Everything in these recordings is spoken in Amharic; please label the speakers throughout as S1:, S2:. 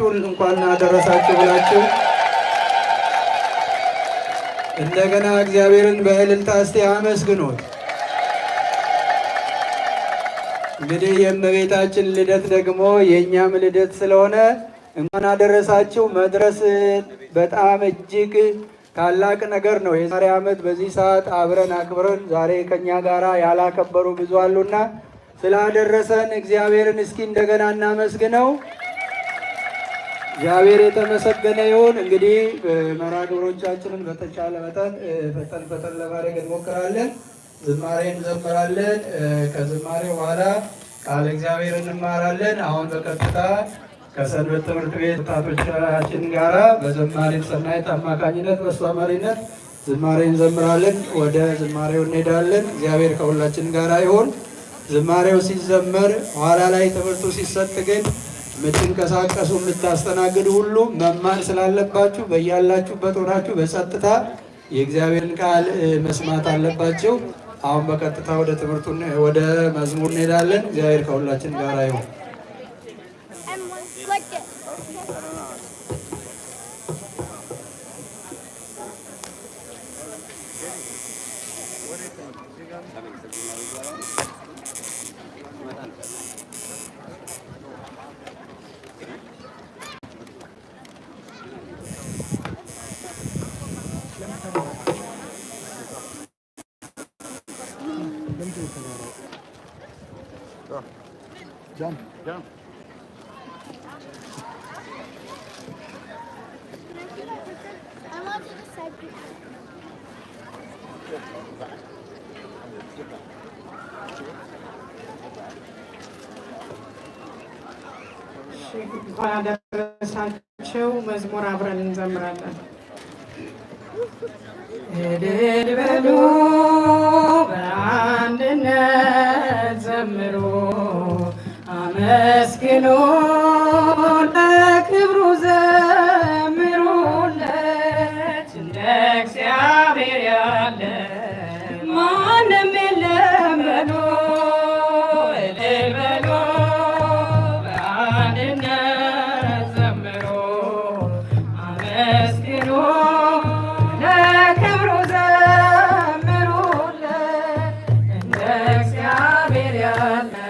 S1: እንኳን አደረሳችሁ ብላችሁ እንደገና እግዚአብሔርን በእልልታ እስቲ አመስግኑት። እንግዲህ የእመቤታችን ልደት ደግሞ የእኛም ልደት ስለሆነ እንኳን አደረሳችሁ። መድረስ በጣም እጅግ ታላቅ ነገር ነው። የዛሬ ዓመት በዚህ ሰዓት አብረን አክብረን ዛሬ ከኛ ጋር ያላከበሩ ብዙ አሉና ስላደረሰን እግዚአብሔርን እስኪ እንደገና እናመስግነው። እግዚአብሔር የተመሰገነ ይሁን። እንግዲህ መርሃ ግብሮቻችንን በተቻለ መጠን ፈጠን ፈጠን ለማድረግ እንሞክራለን። ዝማሬ እንዘምራለን። ከዝማሬ በኋላ ቃለ እግዚአብሔር እንማራለን። አሁን በቀጥታ ከሰንበት ትምህርት ቤት ወጣቶቻችን ጋራ በዘማሪ ሰናይት አማካኝነት በስተመሪነት ዝማሬ እንዘምራለን። ወደ ዝማሬው እንሄዳለን። እግዚአብሔር ከሁላችን ጋር ይሁን። ዝማሬው ሲዘመር ኋላ ላይ ትምህርቱ ሲሰጥ ግን የምትንቀሳቀሱ የምታስተናግድ ሁሉ መማር ስላለባችሁ በያላችሁበት ሆናችሁ በጸጥታ የእግዚአብሔርን ቃል መስማት አለባችሁ። አሁን በቀጥታ ወደ ትምህርቱ ወደ መዝሙር እንሄዳለን። እግዚአብሔር ከሁላችን ጋር ይሁን። So. Can. እንኳን አደረሳቸው። መዝሙር አብረን እንዘምራለን። እልል በሉ በአንድነት ዘምሩ አመስግኑ ለክብሩ ዘምሩለት እንደ እግዚአብሔር Hallelujah.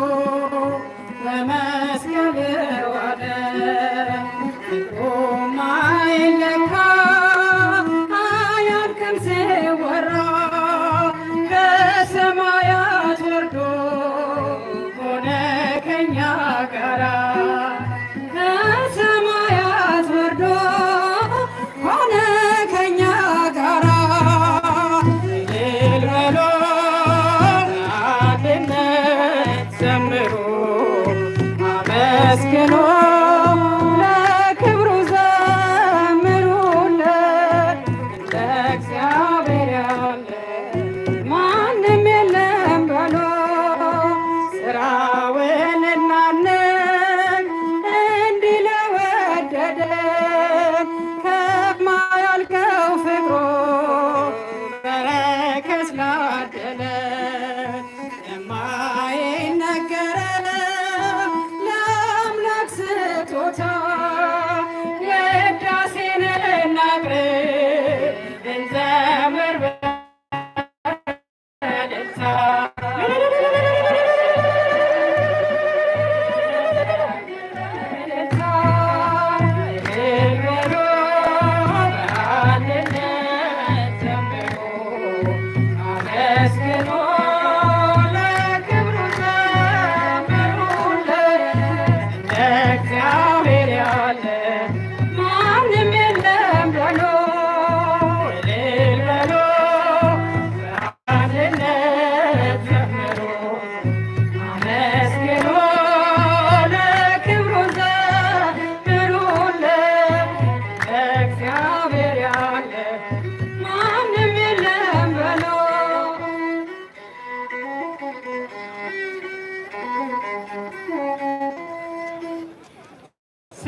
S1: Lord. Oh.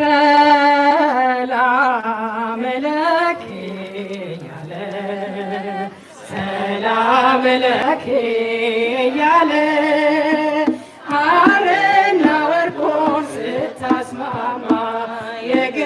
S1: ሰላም ለኪ ያለ ሰላም ለኪ ያለ ሐርና ወርቁን ስታስማማ የገ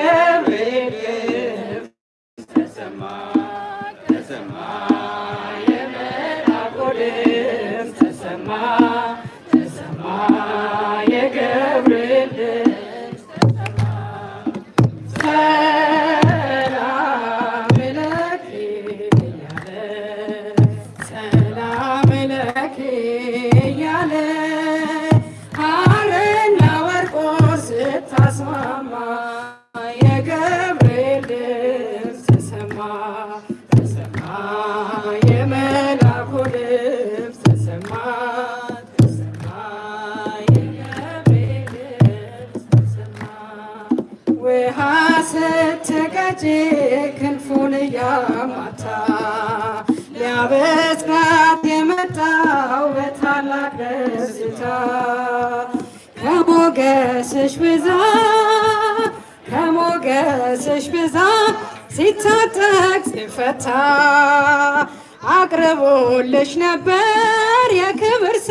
S1: ወዳጄ ክንፉን እያማታ ሊያበስራት የመጣው በታላቅ ደስታ ከሞገስሽ ብዛት ከሞገስሽ ብዛት ሲታጠቅ ሲፈታ አቅርቦልሽ ነበር የክብር ሰ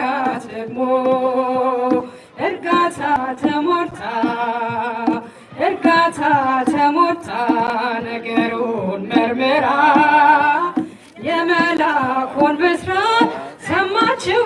S1: መረጋት ደግሞ እርጋታ ተሞርታ እርጋታ ተሞርታ ነገሩን መርምራ የመላኩን ብስራት ሰማችው።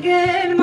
S1: and